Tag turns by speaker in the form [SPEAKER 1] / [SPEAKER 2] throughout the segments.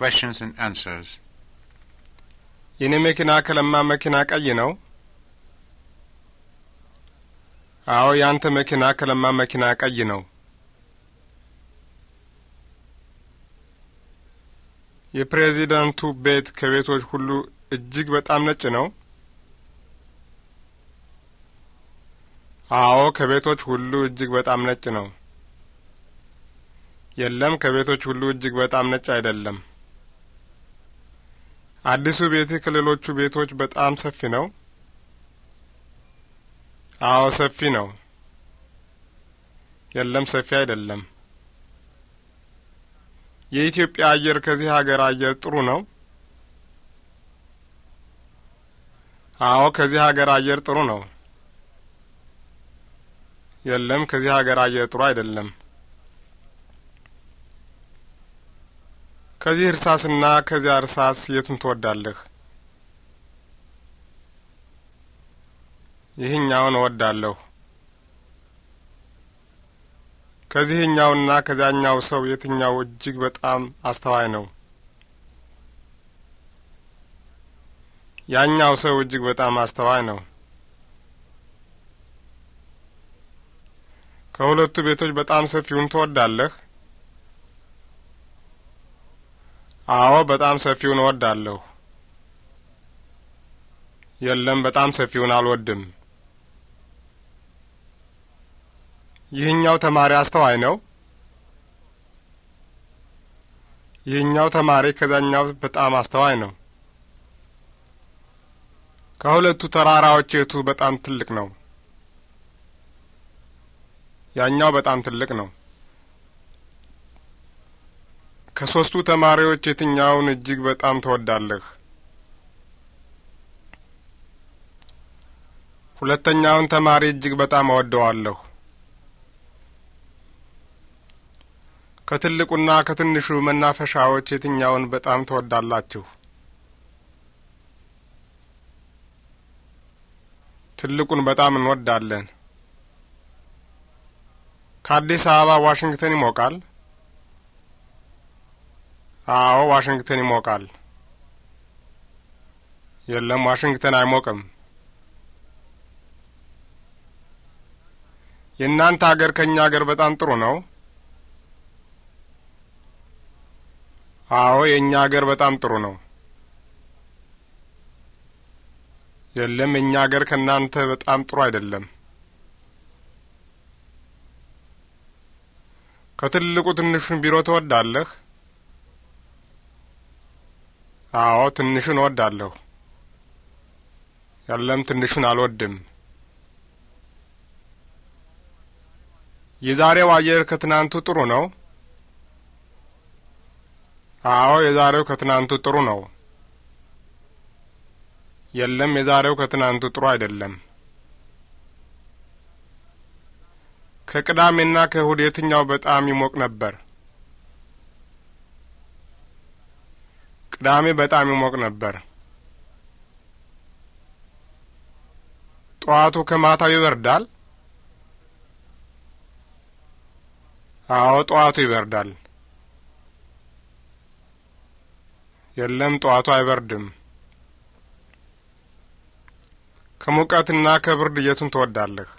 [SPEAKER 1] Questions and answers. የኔ መኪና ከለማ መኪና ቀይ ነው? አዎ፣ ያንተ መኪና ከለማ መኪና ቀይ ነው። የፕሬዚዳንቱ ቤት ከቤቶች ሁሉ እጅግ በጣም ነጭ ነው? አዎ፣ ከቤቶች ሁሉ እጅግ በጣም ነጭ ነው። የለም፣ ከቤቶች ሁሉ እጅግ በጣም ነጭ አይደለም። አዲሱ ቤትህ ከሌሎቹ ቤቶች በጣም ሰፊ ነው? አዎ ሰፊ ነው። የለም ሰፊ አይደለም። የኢትዮጵያ አየር ከዚህ ሀገር አየር ጥሩ ነው? አዎ ከዚህ ሀገር አየር ጥሩ ነው። የለም ከዚህ ሀገር አየር ጥሩ አይደለም። ከዚህ እርሳስና ከዚያ እርሳስ የቱን ትወዳለህ? ይህኛውን እወዳለሁ። ከዚህኛውና ከዚያኛው ሰው የትኛው እጅግ በጣም አስተዋይ ነው? ያኛው ሰው እጅግ በጣም አስተዋይ ነው። ከሁለቱ ቤቶች በጣም ሰፊውን ትወዳለህ? አዎ በጣም ሰፊውን እወዳለሁ። የለም በጣም ሰፊውን አልወድም። ይህኛው ተማሪ አስተዋይ ነው። ይህኛው ተማሪ ከዛኛው በጣም አስተዋይ ነው። ከሁለቱ ተራራዎች የቱ በጣም ትልቅ ነው? ያኛው በጣም ትልቅ ነው። ከሶስቱ ተማሪዎች የትኛውን እጅግ በጣም ትወዳለህ? ሁለተኛውን ተማሪ እጅግ በጣም እወደዋለሁ። ከትልቁና ከትንሹ መናፈሻዎች የትኛውን በጣም ትወዳላችሁ? ትልቁን በጣም እንወዳለን። ከአዲስ አበባ ዋሽንግተን ይሞቃል? አዎ ዋሽንግተን ይሞቃል። የለም ዋሽንግተን አይሞቅም። የእናንተ አገር ከእኛ አገር በጣም ጥሩ ነው። አዎ የእኛ አገር በጣም ጥሩ ነው። የለም የእኛ አገር ከእናንተ በጣም ጥሩ አይደለም። ከትልቁ ትንሹን ቢሮ ትወዳለህ? አዎ ትንሹን እወዳለሁ። ያለም ትንሹን አልወድም። የዛሬው አየር ከትናንቱ ጥሩ ነው። አዎ የዛሬው ከትናንቱ ጥሩ ነው። የለም የዛሬው ከትናንቱ ጥሩ አይደለም። ከቅዳሜና ከእሁድ የትኛው በጣም ይሞቅ ነበር? ቅዳሜ በጣም ይሞቅ ነበር። ጠዋቱ ከማታው ይበርዳል። አዎ፣ ጠዋቱ ይበርዳል። የለም፣ ጠዋቱ አይበርድም። ከሙቀትና ከብርድ የቱን ትወዳለህ?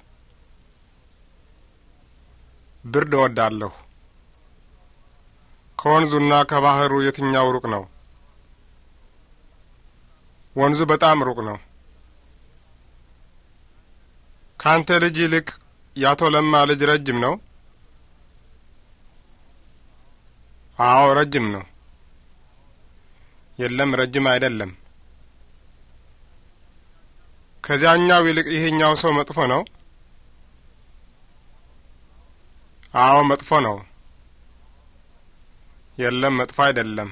[SPEAKER 1] ብርድ እወዳለሁ። ከወንዙና ከባህሩ የትኛው ሩቅ ነው? ወንዙ በጣም ሩቅ ነው። ካንተ ልጅ ይልቅ ያቶ ለማ ልጅ ረጅም ነው? አዎ ረጅም ነው። የለም ረጅም አይደለም። ከዚያኛው ይልቅ ይሄኛው ሰው መጥፎ ነው? አዎ መጥፎ ነው። የለም መጥፎ አይደለም።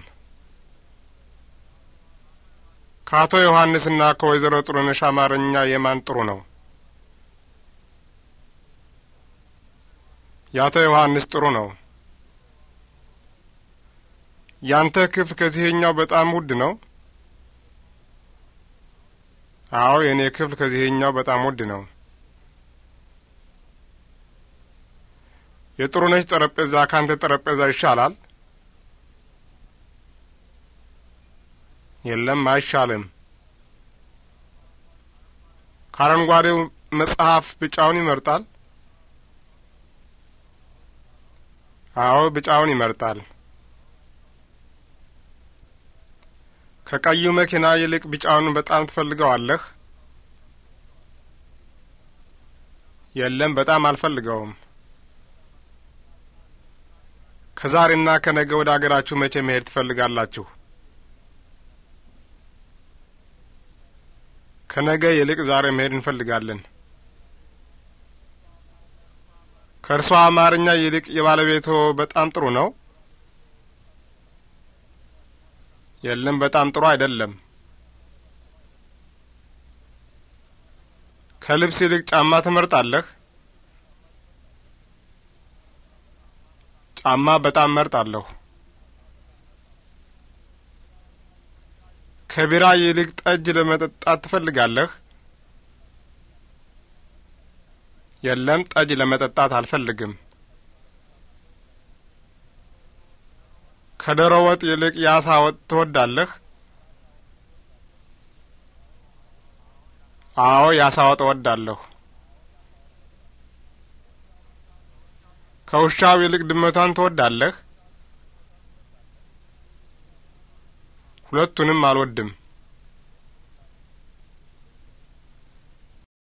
[SPEAKER 1] ከአቶ ዮሐንስና ከወይዘሮ ጥሩነሽ አማርኛ የማን ጥሩ ነው? የአቶ ዮሐንስ ጥሩ ነው። ያንተ ክፍ ከዚህኛው በጣም ውድ ነው? አዎ፣ የእኔ ክፍል ከዚህኛው በጣም ውድ ነው። የጥሩነሽ ጠረጴዛ ካንተ ጠረጴዛ ይሻላል? የለም አይሻልም። ከአረንጓዴው መጽሐፍ ብጫውን ይመርጣል። አዎ ቢጫውን ይመርጣል። ከቀዩ መኪና ይልቅ ቢጫውን በጣም ትፈልገዋለህ? የለም በጣም አልፈልገውም። ከዛሬና ከነገ ወደ አገራችሁ መቼ መሄድ ትፈልጋላችሁ? ከነገ ይልቅ ዛሬ መሄድ እንፈልጋለን። ከእርሷ አማርኛ ይልቅ የባለቤቶ በጣም ጥሩ ነው። የለም፣ በጣም ጥሩ አይደለም። ከልብስ ይልቅ ጫማ ትመርጣለህ? ጫማ በጣም መርጣለሁ። ከቢራ ይልቅ ጠጅ ለመጠጣት ትፈልጋለህ? የለም፣ ጠጅ ለመጠጣት አልፈልግም። ከዶሮ ወጥ ይልቅ የአሳ ወጥ ትወዳለህ? አዎ፣ የአሳ ወጥ እወዳለሁ። ከውሻው ይልቅ ድመቷን ትወዳለህ? ሁለቱንም አልወድም።